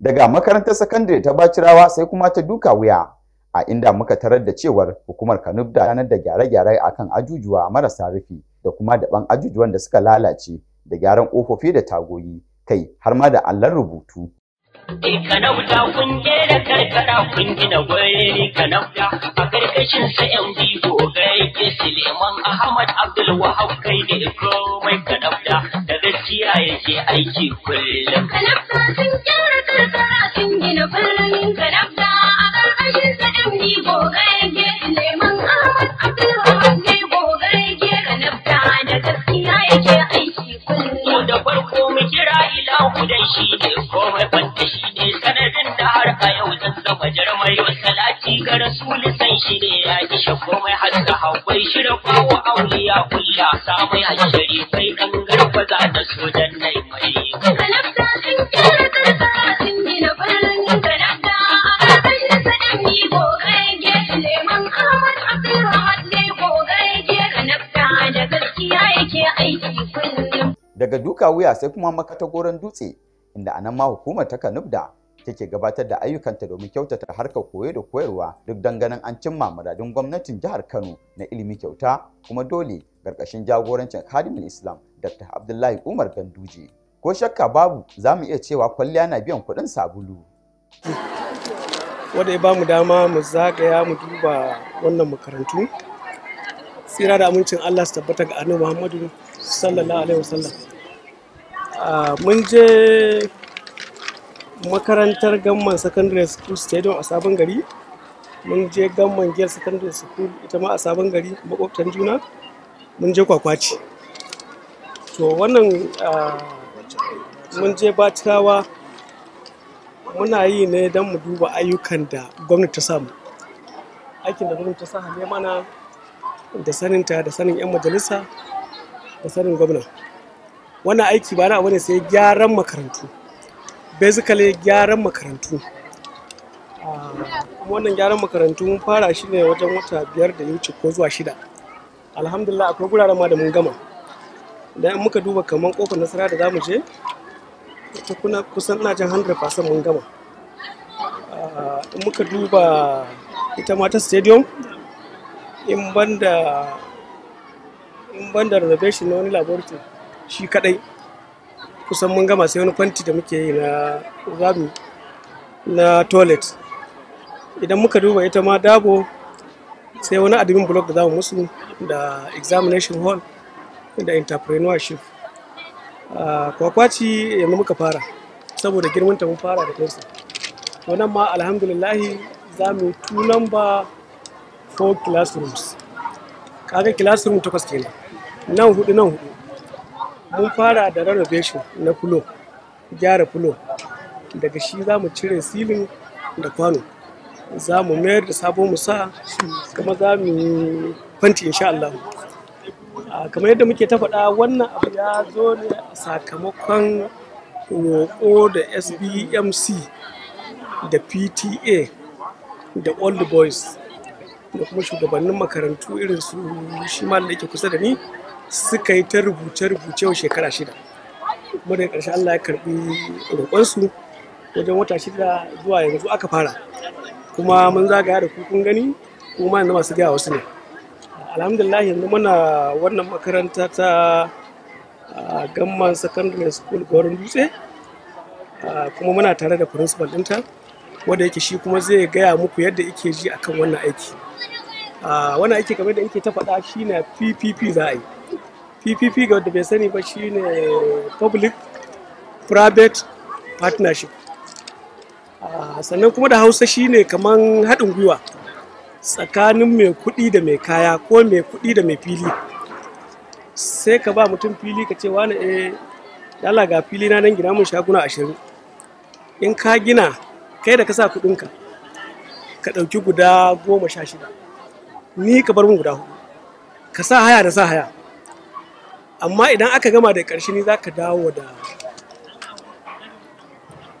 Daga makarantar sakandare ta Bacirawa sai kuma ta duka wuya a inda muka tarar da cewar hukumar Kanub da ranar da gyare-gyare akan ajujuwa marasa rufi da kuma daban ajujuwan da suka lalace da gyaran ƙofofi da tagoyi kai har ma da allon rubutu. Eh, kanauta kun je da karkara kun gina gwari kanauta a karkashin sa yan biyu gai Suleiman Ahmad Abdul Wahab kai da komai kanauta Gaskiya yake aiki kullum. Kanabta sun gyara karkara sun gina birnin kanabta. a ƙarƙashin sa ɗan ni gogayage Suleiman Ahmad Abdulrahman ne gogayage kanabta da gaskiya yake aiki kullum. Mu da farko mu kira ilahu dan shi ne komai fanta shi ne. ga rasuli san shi ne ya ji shakko mai hatta hawai shi da kawo ya kulla samai a shari kai dan za ta so dan nai mai sun kira tarfa sun gina birnin kanafta a kan da sadan ni ko gaige leman ahmad abdulrahman ne ko gaige kanafta da gaskiya yake aiki kullum daga duka wuya sai kuma makatagoran dutse inda anan ma hukumar ta kanubda take gabatar da ayyukanta domin kyautata harkar koyo da koyarwa duk don an cimma muradun gwamnatin jihar Kano na ilimi kyauta kuma dole karkashin jagorancin Khadimul Islam Dr. Abdullahi Umar Ganduje. Ko shakka babu za mu iya cewa kwalliya na biyan kuɗin sabulu. Wanda ya bamu dama mu zagaya mu duba wannan makarantu. Tsira da amincin Allah su tabbata ga Annabi Muhammadu sallallahu alaihi wasallam. Ah, mun je makarantar gamman secondary school stadium a sabon gari mun je gamman girls secondary school ita ma a sabon gari makwabtan juna mun je kwakwaci to wannan ah, mun je bacirawa muna yi ne don mu duba ayyukan da gwamnati ta samu aikin da gwamnati ta sa ne mana da saninta da sanin 'yan majalisa da sanin gwamna wannan aiki ba na abu ne sai gyaran makarantu basically gyaran makarantu wannan gyaran makarantu mun fara shi ne wajen wata biyar da ya ko zuwa shida alhamdulillah akwai guraren ma da mun gama da muka duba kamar kofar nasara da zamu je ta kuna kusan na jan 100% mun gama ah, in muka duba ita ma ta stadium in banda in banda reservation na wani laboratory shi kadai kusan mun gama sai wani fanti da muke yi na zami na toilet idan muka duba ita ma dabo sai wani admin blog da zamu musu da examination hall da entrepreneurship ah, kwakwaci yanzu muka fara saboda girmanta mun fara da kansa wannan ma alhamdulillahi za mu two number four classrooms kaga classroom takwas kenan nan hudu nan hudu mun fara da renovation na fulo gyara fulo daga shi za mu cire silin da kwano za mu mayar da sabon musa kuma za mu fanti insha Allah kamar yadda muke ta faɗa wannan abu ya zo ne a sakamakon roƙo da sbmc da pta da old boys da kuma shugabannin makarantu irin su shi da ke kusa da ni suka yi ta rubuce-rubuce wa shekara shida kuma daga ƙarshe Allah ya karɓi roƙonsu wajen wata shida zuwa yanzu aka fara kuma mun zagaya da kukun gani kuma yanzu masu gaya wasu ne alhamdulillah yanzu muna wannan makaranta ta ah, gamman secondary school gwarin dutse ah, kuma muna tare da principal ɗinta wanda yake shi kuma zai gaya muku yadda yake ji akan wannan aiki ah, wannan aiki kamar da yake ta faɗa shi na ppp za a yi ppp ga wadda bai sani ba shine public private partnership ah, sannan kuma da hausa shine kaman haɗin gwiwa tsakanin mai kuɗi da mai kaya ko mai kuɗi da mai fili sai ka ba mutum fili ka ce wane e. Eh, dala ga fili na nan gina mun shaguna ashirin in ka gina kai da ka sa kuɗinka ka ɗauki guda goma sha shida ni ka bar mun guda hudu ka sa haya da sa haya amma idan aka gama da ƙarshe ni za ka dawo da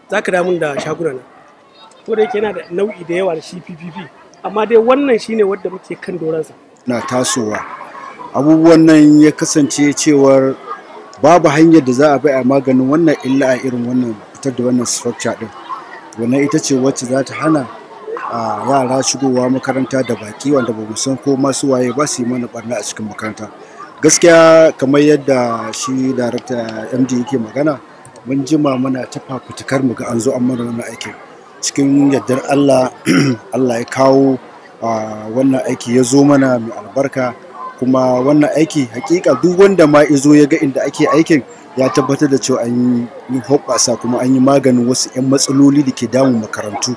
za ka da shaguna na ko da yake yana da nau'i da yawa da shi ppp amma dai wannan shine wadda muke kan doransa na tasowa abubuwan nan ya kasance cewar babu hanyar da za a bai a maganin wannan illa a irin wannan fitar da wannan structure din wannan ita ce wacce za ta hana a yara shigowa makaranta da baki wanda ba mu san ko masu waye ba su yi mana barna a cikin makaranta gaskiya kamar yadda shi darakta md yake magana mun jima muna ta fafutukar mu ga an zo an mana wannan aikin cikin yardar allah allah ya kawo wannan aiki ya zo mana mai albarka kuma wannan aiki hakika duk wanda ma ya zo ya ga inda ake aikin ya tabbatar da cewa an yi hoɓɓasa kuma an yi maganin wasu 'yan matsaloli da ke damun makarantu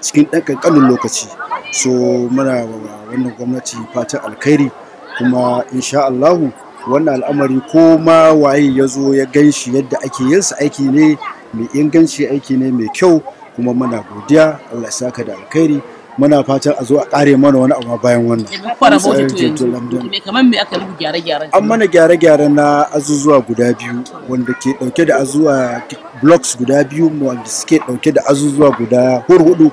cikin ɗan ƙanƙanin lokaci so muna wannan gwamnati fatan alkhairi kuma insha Allahu wannan al'amari ko ma waye ya zo ya gan yadda ake yin sa aiki ne mai inganci aiki ne mai kyau kuma muna godiya Allah ya saka da alkhairi muna fatan a zo a kare mana wani abu bayan wannan kamar me aka gyare an mana gyare gyare na azuzuwa guda biyu wanda ke dauke da azuwa blocks guda biyu wanda suke dauke da azuzuwa guda hurhudu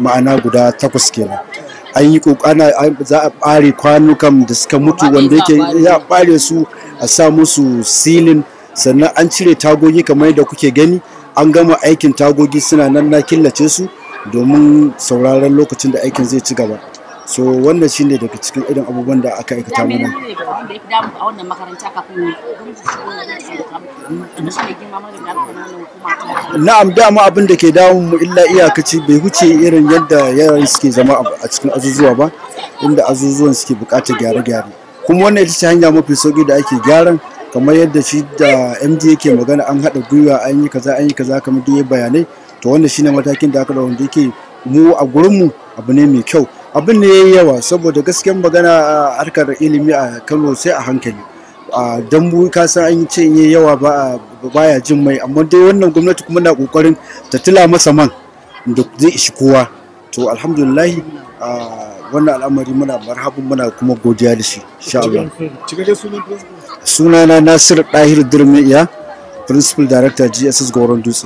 ma'ana guda takwas kenan an yi kokana za a ɓare kwanukan da suka mutu wanda yake ya bare su a sa musu silin sannan an cire tagogi kamar yadda kuke gani an gama aikin tagogi suna nan na killace su domin sauraron lokacin da aikin zai ci gaba so wannan shine daga cikin irin abubuwan da aka aikata mana na'am dama abin da ke damun mu illa iyakaci bai wuce irin yadda yaran suke zama a cikin azuzuwa ba inda azuzuwan suke bukatar gyare-gyare kuma wannan ita ce hanya mafi sauki da ake gyaran kamar yadda shi da md yake magana an haɗa gwiwa an yi kaza an yi kaza kamar da bayanai to wannan shine matakin da aka da wanda yake mu a mu abu ne mai kyau abin ne ya yawa saboda gaskiyan magana harkar ilimi a kano sai a hankali a dambu ka san an ce in yi yawa ba baya jin mai amma dai wannan gwamnati kuma na kokarin ta tila masa man da zai ishi kowa to alhamdulillah wannan al'amari muna marhabin muna kuma godiya da shi insha Allah sunana Nasir Dahir Durmiya principal director GSS Goron Dutse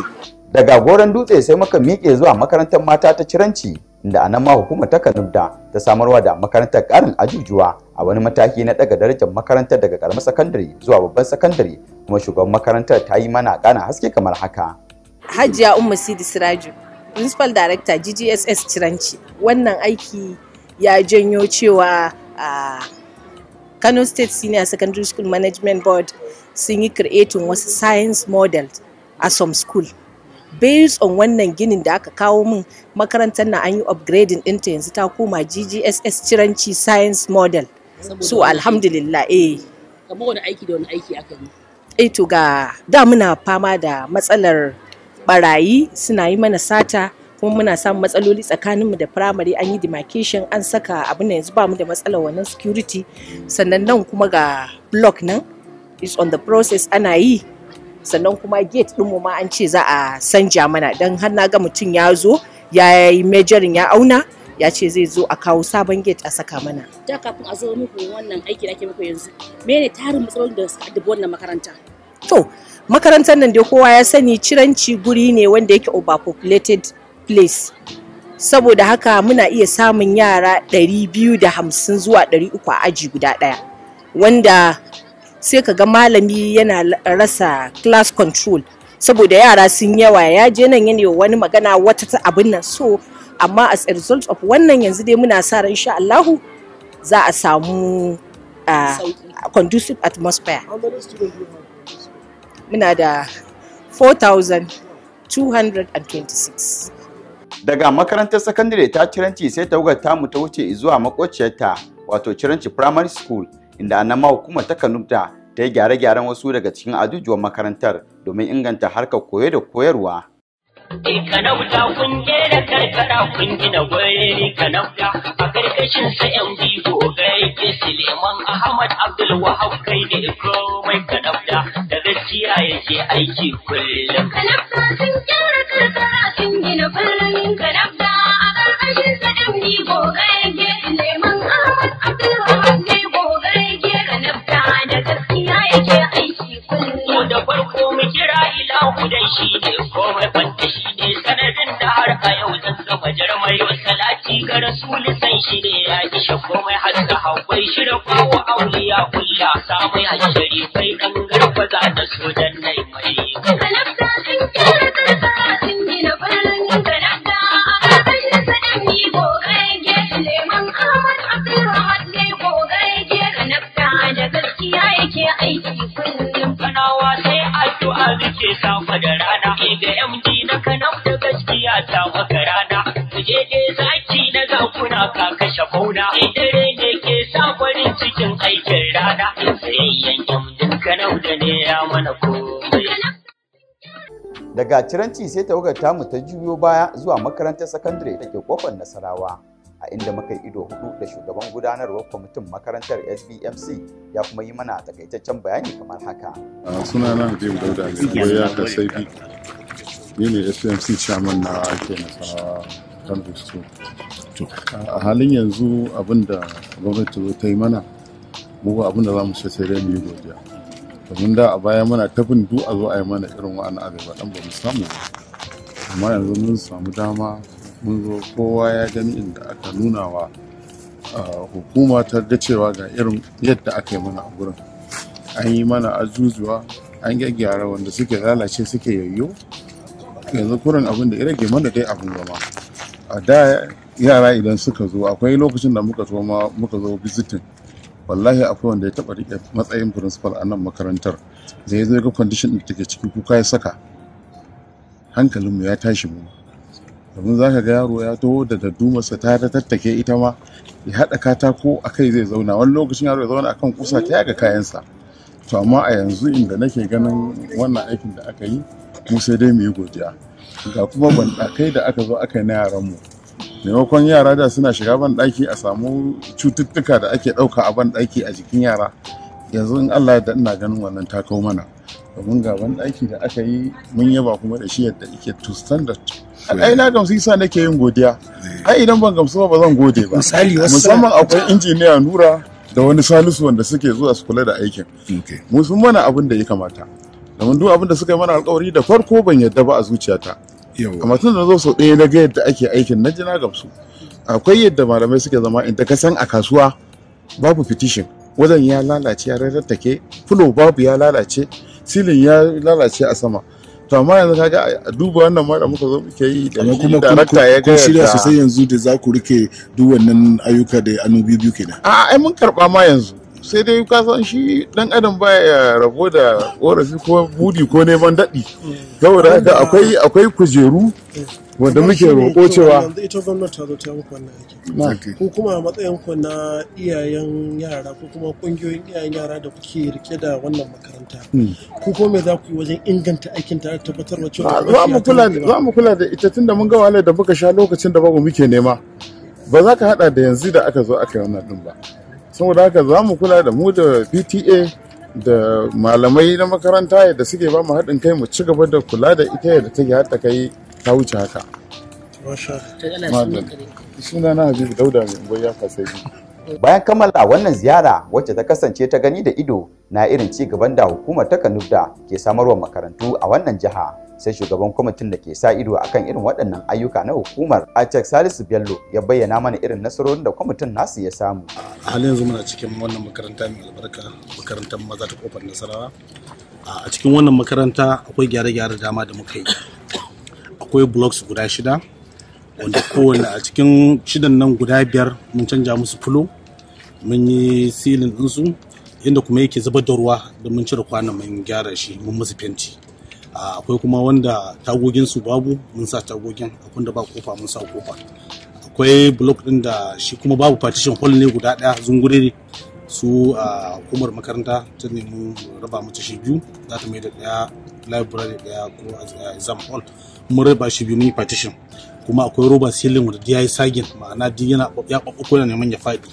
daga Goron Dutse sai muka miƙe zuwa makarantar mata ta Ciranci inda a ma hukumar ta kanubda ta samarwa da makarantar karin ajujuwa a wani mataki na daga darajar makarantar daga karamar sakandare zuwa babban sakandare kuma shugaban makarantar ta yi mana kana haske kamar haka hajiya umma sidi siraju principal director ggss ciranci wannan aiki ya janyo cewa a kano state senior secondary school management board sun yi creating wasu science model a some school based on wannan ginin da aka kawo min makarantar na an yi upgrading ta yanzu ta koma ggss ciranci science model so alhamdulillah eh kamar wani aiki da wani aiki aka yi eh to ga da muna fama da matsalar barayi suna yi mana sata kuma muna samun matsaloli tsakaninmu da firamare an yi demarcation an saka abin yanzu ba mu da matsalar wannan security sannan nan kuma ga block nan is on the process ana yi sannan kuma gate ɗinmu ma an ce za a sanja mana don har na ga mutum ya zo ya yi mejarin ya auna ya ce zai zo a kawo sabon gate a saka mana. Da kafin a zo muku wannan aiki da ake muku yanzu, mene tarin matsalolin da suka addabi wannan makaranta? To, makarantar nan dai kowa ya sani ciranci guri ne wanda yake overpopulated place. Saboda haka muna iya samun yara 250 zuwa 300 a aji guda ɗaya. Wanda sai ka ga malami yana rasa class control saboda yara sun yawa ya je nan yana wani magana wata ta abin nan so amma as a result of wannan yanzu dai muna sa ran insha Allahu za a samu conducive atmosphere muna da 4,226 daga makarantar sakandare ta ciranci sai ta tawagar tamu ta wuce zuwa makociyarta wato ciranci primary school inda anama hukumar ta kanubta ta yi gyare-gyaren wasu daga cikin ajujuwan makarantar domin inganta harkar koyo da koyarwa. Kanauta kun je da karkara kun gina gwarere kanauta a karkashin sa yan bigo gaike Suleiman Ahmad Abdul Wahab kai da komai kanauta da gaskiya yake aiki kullum. Kanauta sun gyara karkara sun gina birnin kanauta. nake aiki kullum da farko mu kira ilahu dan shi ne komai fanta shi ne sanadin da har a yau zan gama jarmai salati ga rasuli san shi ne ya kishe komai har da hakwai da bawa auliya kulla samai a shari kai kan garfaza da sojan nai mai ga Ciranci sai tawagar tamu ta juyo baya zuwa makarantar sakandare da ke kofar Nasarawa, a inda muka yi ido hudu da shugaban gudanarwar kwamitin makarantar SBMC ya kuma yi mana takaitaccen bayani kamar haka. Suna na biyu Dauda ne, ya ka sai ni ne SBMC chairman na ake Nasarawa A halin yanzu abin da gwamnati ta yi mana, mu abin da za mu sai sai dai mu yi godiya. domin da a baya muna bin du a zo a yi mana irin wa'ana a ba dan ba mu samu amma yanzu mun samu dama mun zo kowa ya gani inda aka nuna wa hukuma ta ga cewa ga irin yadda aka yi mana a gurin an yi mana ajujuwa an gyaggyara wanda suke lalace suke yayyo yanzu kurin abin da irage mana dai abin zama a da yara idan suka zo akwai lokacin da muka zo muka zo visiting wallahi akwai wanda ya taba rike matsayin principal a nan makarantar zai ya zo ga condition da take ciki kuka ya saka hankalinmu ya tashi mu Abin za ka ga yaro ya taho da dadumarsa ta ta tattake ita ma ya haɗa katako a kai zai zauna wani lokacin yaro ya zauna akan kusa ta kayan sa to amma a yanzu inda nake ganin wannan aikin da aka yi mu sai dai mu yi godiya ga kuma banɗakai da aka zo aka yi na mu maimakon yara da suna shiga ban ɗaki a samu cututtuka da ake ɗauka a ban ɗaki a jikin yara yanzu in allah da ina ganin wannan ta kau mana domin ga ban ɗaki da aka yi mun yaba kuma da shi yadda yake to standard ai na gamsu isa nake yin godiya ai idan ban gamsu ba zan gode ba musamman akwai injiniya nura da wani salisu wanda suke zuwa su kula da aikin mu sun mana abin da ya kamata domin duk abin da suka yi mana alkawari da farko ban yadda ba a zuciyata amma tun da zo sau ɗaya na ga yadda ake aikin na jina ga gamsu akwai yadda malamai suke zama inda ka san a kasuwa babu fitishin wajen ya lalace ya rarrattake fulo babu ya lalace silin ya lalace a sama to amma yanzu kaga a duba wannan ma da muka zo muke yi da kuma darakta ya ga shirya sosai yanzu da za ku rike duk wannan ayyuka da anubi biyu kenan a ai mun karba ma yanzu sai dai ka san shi dan adam baya rabo da korafi ko budi ko neman daɗi saboda haka akwai akwai kujeru wanda muke roƙo cewa yanzu ita gwamnati ta zo ta muku wannan aiki ko kuma a matsayin ku na iyayen yara ko kuma kungiyoyin iyayen yara da kuke rike da wannan makaranta hmm. ko kuma me za ku yi wajen inganta aikin tare da tabbatar da cewa za mu kula za mu kula da ita tunda mun ga wahalar da muka sha lokacin da babu muke nema ba za ka hada da yanzu da aka zo aka yi wannan din ba saboda haka za mu kula da mu da pta da malamai na makaranta da suke ba mu haɗin kai mu ci gaba da kula da ita yadda take hata kai ta wuce haka suna na habibu dauda mai ya bayan kammala wannan ziyara wacce ta kasance ta gani da ido na irin ci gaban da hukumar ta kanubda ke samarwa makarantu a wannan jiha sai shugaban kwamitin da ke sa ido kan irin waɗannan ayyuka na hukumar Acek Salisu Bello ya bayyana mana irin nasarorin da kwamitin nasu ya samu. A halin yanzu muna cikin wannan makaranta mai albarka makarantar maza ta kofar Nasarawa. A cikin wannan makaranta akwai gyare-gyare dama da muka yi. Akwai blocks guda shida wanda kowane a cikin shidan nan guda biyar mun canja musu fulo mun yi silin ɗinsu inda kuma yake zubar da ruwa da mun cire kwanan mun gyara shi mun musu fenti akwai kuma wanda tagogin su babu mun sa tagogin akwai da ba kofa mun sa kofa akwai block din da shi kuma babu partition hall ne guda daya zungure su a hukumar makaranta ta nemi raba mata shi biyu za ta mai da daya library daya ko exam hall mun raba shi biyu mun partition kuma akwai roba ceiling wanda ya yayi sagin ma'ana duk yana ya babbuko yana neman ya faɗi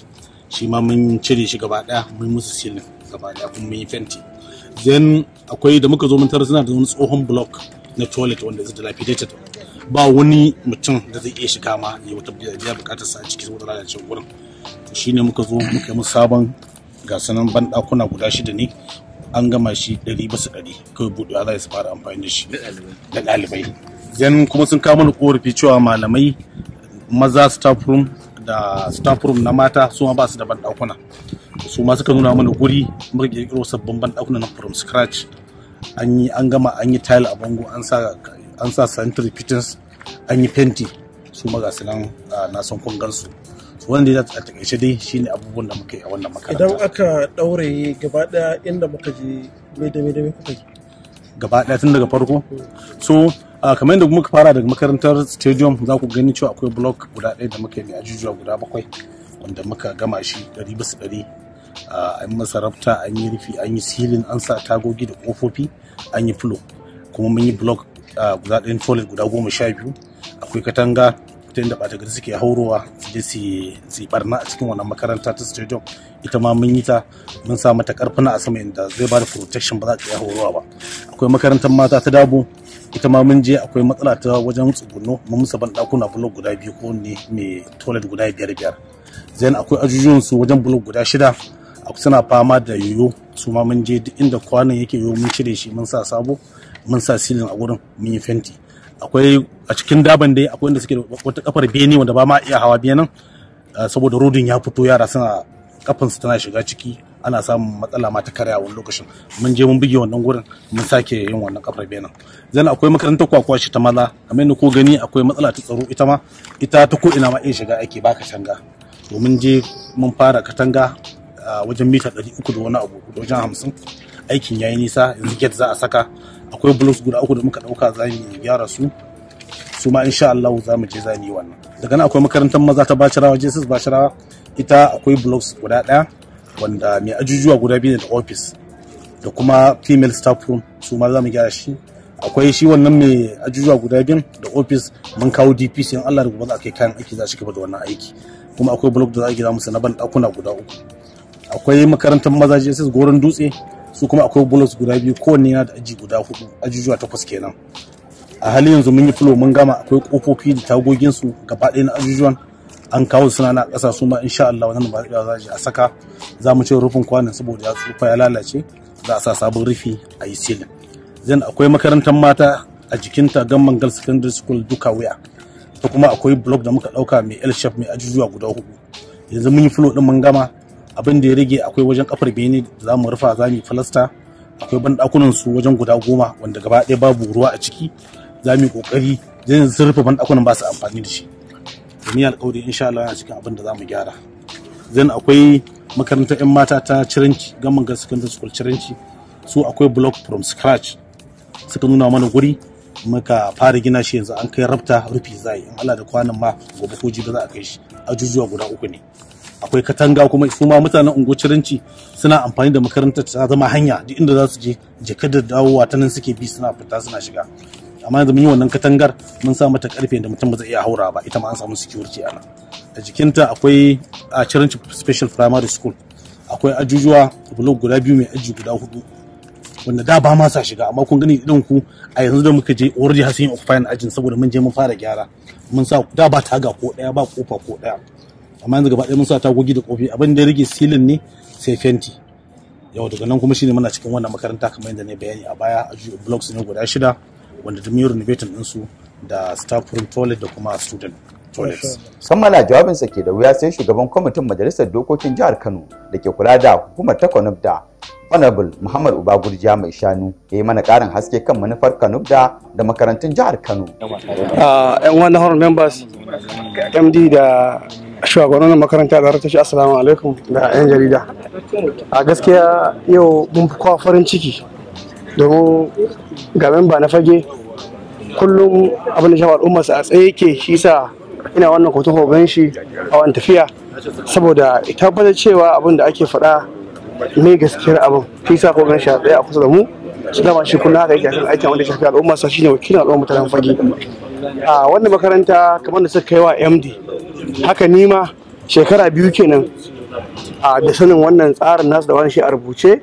shi ma mun cire shi gaba daya mun musu ceiling gaba daya kuma mun yi fenti then akwai da muka zo mun tarar suna da wani tsohon block na toilet wanda is dilapidated ba wani mutum da zai iya shiga ma ya wata biya bukatar sa a ciki saboda lalacewar wurin shine muka zo muka yi sabon gasanan ban dakuna guda shida ne an gama shi ɗari basu kai kawai buɗewa za su fara amfani da shi da ɗalibai then kuma sun kawo mana korafi cewa malamai maza staff room da staff room na mata su ma ba su da ban dakuna su ma suka nuna mana guri muka kirkiro sabbin banɗakuna na from scratch an yi an gama an yi tile a bango an sa an sa sanitary fittings an yi fenti su ma gasu nan na san kun gansu su wanda ya a takaice dai shine abubuwan da muka yi a wannan makaranta idan aka daure gaba daya inda muka je me da me da me kuka yi gaba daya tun daga farko so kamar yadda muka fara daga makarantar stadium za ku gani cewa akwai block guda ɗaya da muka yi mai ajujuwa guda bakwai wanda muka gama shi dari bisa dari. Ah, an rafta an yi rufi an yi silin an sa tagogi da kofofi an yi fulo kuma mun yi blok ah, guda ɗayan toilet guda goma sha biyu akwai katanga ta inda ɓata gari suke haurowa su je su yi barna a cikin wannan makaranta ta stadium ita ma mun yi ta mun sa mata karfuna a sama inda zai ba da protection ba za ta iya haurowa ba akwai makarantar mata ta dabo ita ma mun je akwai matsala ta wajen tsuguno mun musa ban ɗakuna blok guda biyu ko ne mai toilet guda biyar biyar zai akwai ajujuwan su wajen blok guda shida suna fama da yoyo su ma mun je duk inda kwanan yake yoyo mun cire shi mun sa sabo mun sa silin a gurin mun yi fenti akwai a cikin daban dai akwai inda suke wata kafar bene wanda ba ma iya hawa benin saboda rodin ya fito yara suna su tana shiga ciki ana samun matsala mata ta karya wani lokacin mun je mun buge wannan gurin mun sake yin wannan kafar benin zan akwai makarantar kwakwa shi ta maza kamar ni ko gani akwai matsala ta tsaro ita ma ita ta ko ina ma iya shiga ake baka shanga domin je mun fara katanga wajen mita 300 da wani abu da wajen hamsin aikin yayi nisa yanzu get za a saka akwai blocks guda uku da muka dauka za mu gyara su su ma insha Allah za mu je za mu yi wannan daga nan akwai makarantar maza ta bacirawa jesus bacharawa ita akwai blocks guda daya wanda mai ajujuwa guda biyu da office da kuma female staff room su ma za mu gyara shi akwai shi wannan mai ajujuwa guda biyun da ofis mun kawo dpc in allah da gobe za a kai kayan aiki za a shiga da wannan aiki kuma akwai blog da za a gida musu na ban dakuna guda uku akwai makarantar maza SS goron dutse su kuma akwai bulus guda biyu kowanne yana da aji guda hudu ajujuwa takwas kenan a halin yanzu mun yi fulo mun gama akwai kofofi da tagogin su gaba ɗaya na ajujuwan an kawo suna na ƙasa su ma insha Allah wannan ba za a saka za mu ce rufin kwanan saboda ya tsufa ya lalace za a sa sabon rufi a yi silin zan akwai makarantar mata a jikinta gamman girls secondary school duka wuya ta kuma akwai blog da muka ɗauka mai l shape mai ajujuwa guda hudu yanzu mun yi fulo din mun gama abin da ya rage akwai wajen kafar bene da za mu rufa za mu falasta akwai bandakunan su wajen guda goma wanda gaba ɗaya babu ruwa a ciki za mu yi ƙoƙari zai sun rufe banɗakunan ba su amfani da shi ni alƙawari insha Allah yana cikin abin da za mu gyara zan akwai makarantar 'yan mata ta ciranci gaman ga secondary school ciranci su akwai block from scratch suka nuna mana guri muka fara gina shi yanzu an kai rafta rufi zai in Allah da kwanan ma gobe ko ba za a kai shi ajujuwa guda uku ne akwai katanga kuma su ma mutanen unguwacirinci suna amfani da makarantar ta zama hanya duk inda za su je jika da dawowa ta nan suke bi suna fita suna shiga amma yanzu mun yi wannan katangar mun sa mata karfe da mutum ba zai iya haura ba ita ma an samu security a nan a jikinta akwai a cirinci special primary school akwai ajujuwa blok guda biyu mai aji guda hudu wanda da ba ma sa shiga amma kun gani idan ku a yanzu da muka je already har sun occupying ajin saboda mun je mun fara gyara mun sa da ba taga ko daya ba kofa ko daya amma yanzu gaba ɗaya mun sa tagogi da kofi abin da ya rage silin ne sai fenti yau daga nan kuma shine muna cikin wannan makaranta kamar yadda ne bayani a baya a blocks ne guda shida wanda da yi renovating ɗinsu da staff room toilet da kuma student toilets. Kammala jawabinsa ke da wuya sai shugaban kwamitin majalisar dokokin jihar Kano da ke kula da hukumar ta da Honorable Muhammad Uba Gurja mai shanu ya yi mana karin haske kan manufar Kanubda da makarantun jihar Kano. Ah, yan wani honorable members MD da shugaban makaranta da ta ce assalamu alaikum da 'yan jarida a gaskiya yau mun fi kowa farin ciki domin gaban ba na fage kullum abin da shawar umar a tsaye ke shi sa ina wannan hoto hoban shi a wani tafiya saboda tabbatar cewa abin da ake faɗa me gaskiyar abin shi sa hoban shi a tsaye a kusa da mu shi dama shi kullum haka yake aikin wanda shafi al'umma sa shine wakilin al'umma mutanen fage a wannan makaranta kamar da suka kaiwa wa md haka nima shekara biyu kenan a da sanin wannan tsarin nasu da wani shi a rubuce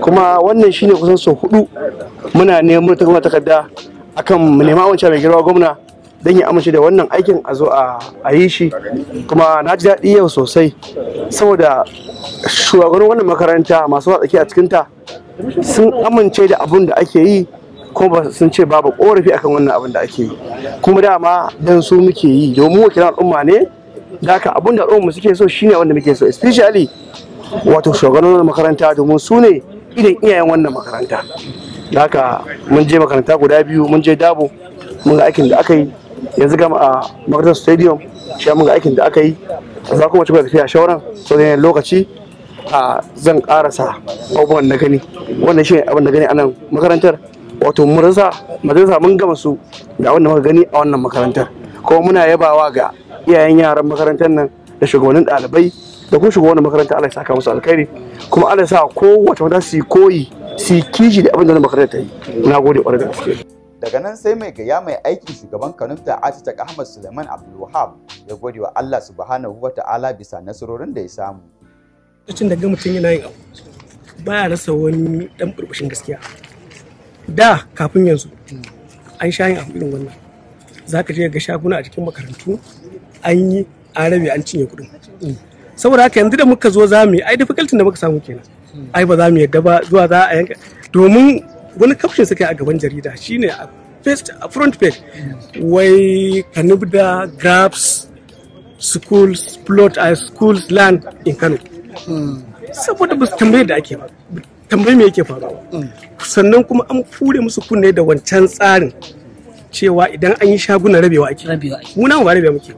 kuma wannan shine kusan sau hudu muna neman ta kuma takarda akan mu nema wancan mai girma gwamna don ya amince da wannan aikin a zo a yi shi kuma na ji daɗi yau sosai saboda shugabannin wannan makaranta masu watsaki a cikinta sun amince da abun da ake yi kuma sun ce babu korafi akan wannan abin da ake yi kuma dama dan su muke yi domin wakilan al'umma ne da haka abin da al'umma suke so shine wanda muke so especially wato shugabannin makaranta domin su ne idan iyayen wannan makaranta da haka mun je makaranta guda biyu mun je dabo mun ga aikin da aka yi yanzu gama a makarantar stadium shi mun ga aikin da aka yi za kuma ci gaba a shauran to da lokaci a zan karasa abubuwan na gani wannan shi abin da gani a nan makarantar wato majalisa mun gama su ga wanda muka gani a wannan makarantar kuma muna yabawa ga iyayen yaran makarantar nan da shugabannin ɗalibai da kuma shugabannin makarantar Allah ya saka musu alkhairi kuma Allah ya sa kowace mata su koyi su kiji da abin da makarantar ta yi na gode ƙwarai da gaske daga nan sai mai gaya mai aikin shugaban kanunta Atitak Ahmad Suleiman Abdulwahab ya gode wa Allah subhanahu wa ta'ala bisa nasarorin da ya samu lokacin da ga mutum yana yin abu baya rasa wani dan burbushin gaskiya da kafin yanzu an sha yin abu irin wannan za ka je ga shaguna a cikin makarantu an yi an rabe an cinye kuɗin saboda haka yanzu da muka zo za mu yi ai difficulty da muka samu kenan ai ba za mu yadda ba zuwa za a yanka domin wani kafshin suka yi a gaban jarida shi ne first a front page wai kanubda grabs schools plot a uh, schools land in kano saboda ba su tambaye da ake ba tambayi me yake faruwa mm. sannan kuma an kure musu kunne da wancan tsarin cewa idan an yi shaguna rabewa ake muna ba rabewa muke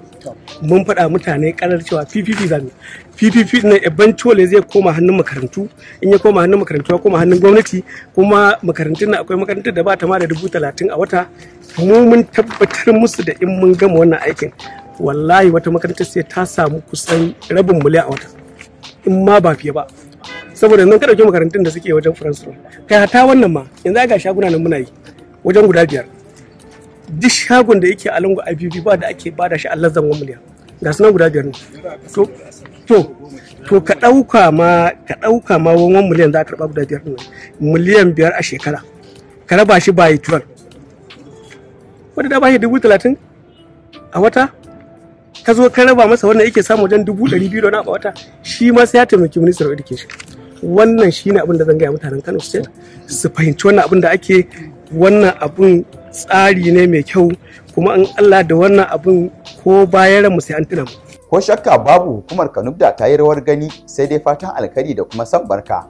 mun faɗa mutane karar cewa ppp za mu ppp na eventually zai koma hannun makarantu in ya koma hannun makarantu ya koma hannun gwamnati kuma makarantun na akwai makarantar da ba ta ma da dubu talatin a wata mu mun tabbatar musu da in mun gama wannan aikin wallahi wata makarantar sai ta samu kusan rabin miliyan a wata in ma ba fiye ba saboda yanzu kada ke makarantun da suke wajen france room kai hata wannan ma yanzu ga shaguna nan muna yi wajen guda biyar duk shagon da yake a lungu ibb ba da ake bada shi allah zan miliyan ga sunan guda biyar ne to to to ka dauka ma ka dauka ma wannan miliyan za ka karba guda biyar ne miliyan biyar a shekara ka raba shi by 12 wanda da ba dubu talatin a wata ka zo ka raba masa wannan yake samu wajen dubu ɗari biyu da wani a wata shi ma sai ya taimaki minister of education wannan ne abin da zan gaya mutanen Kano State su fahimci wannan abin da ake wannan abin tsari ne mai kyau kuma in Allah da wannan abin ko bayan mu sai an tuna mu ko shakka babu hukumar Kanubda ta yi rawar gani sai dai fatan alkari da kuma san barka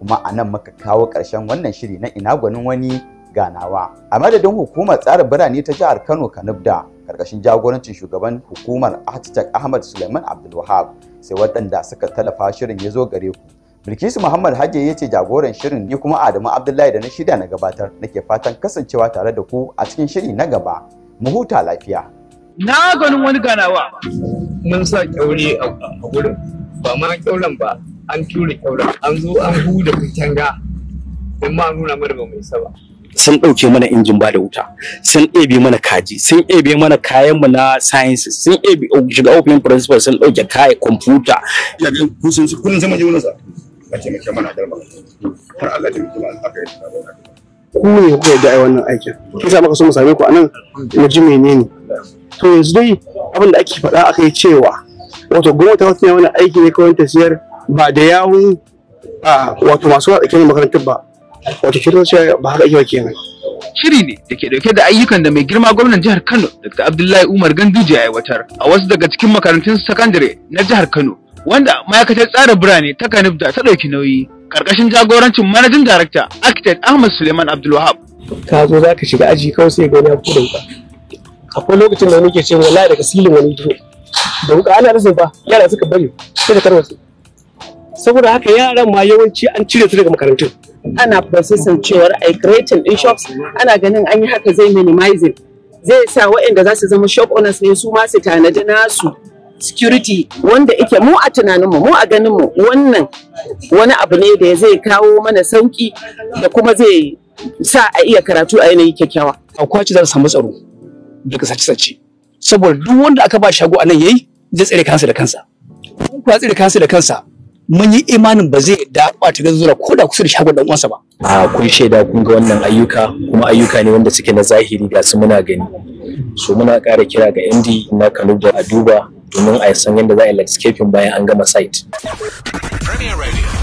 kuma a nan muka kawo ƙarshen wannan shiri na ina gwanin wani ganawa a madadin hukumar tsara birane ta jihar Kano Kanubda karkashin jagorancin shugaban hukumar architect ahmad suleiman abdulwahab sai waɗanda suka tallafa shirin ya zo gare ku Bilkisu Muhammad Hajji ya ce jagoran shirin ni kuma Adamu Abdullahi da na shida na gabatar nake fatan kasancewa tare da ku a cikin shiri na gaba. Mu huta lafiya. Na ganin wani ganawa mun sa kyaure a gurin ba ma kyauren ba an ture kyauren an zo an huda katanga don ma nuna mana ba mai saba. sun ɗauke mana injin ba da wuta sun ɗebe mana kaji sun ɗebe mana kayan mu na sciences sun ɗebe shiga open principal sun ɗauke kayan kwamfuta kullum sai mun ji wurin sa ka taimake mana garba har Allah ta mutu mana haka ku ne kuka yadda ai wannan aikin kun sa maka so mu same ku anan mu ji menene to yanzu dai abin da ake faɗa yi cewa wato gwamnati ta ne wani aiki ne kawai ta siyar ba da yawun wato masu watsa kenan makarantar ba wato shirin cewa ba haka ake ba kenan shiri ne da ke dauke da ayyukan da mai girma gwamnan jihar Kano Dr. Abdullahi Umar Ganduje ya aiwatar a wasu daga cikin makarantun sakandare na jihar Kano wanda ma'aikatar tsara birane ta da ta ɗauki nauyi karkashin jagorancin manajin darakta architect ahmad suleiman abdulwahab ka zo za ka shiga aji kawai sai gani ku da ka akwai lokacin da nake cewa wallahi daga silin wani duro da wuka ana rasa ba yara suka bari sai da tarwatsu saboda haka yaran ma yawanci an cire su daga makarantun ana processing cewar a creating in shops ana ganin an yi haka zai minimizing zai sa waɗanda za su zama shop owners ne su ma su tanadi nasu security wanda ike mu a tunaninmu mu a ganinmu wannan wani abu ne da zai kawo mana sauki da kuma zai sa a iya karatu a yanayi kyakkyawa. A kwaci za ta samu tsaro daga sace-sace saboda duk wanda aka ba shago a nan yayi zai tsare kansa da kansa. Kuma tsare kansa da kansa mun yi imanin ba zai da ɓata zura ko da kusa da shagon dan uwansa ba. A kun shaida kun ga wannan ayyuka kuma ayyuka ne wanda suke na zahiri ga su muna gani. So muna ƙara kira ga MD na Kano da a duba domin a san yadda za a yi landscaping bayan an gama site. Premier Radio.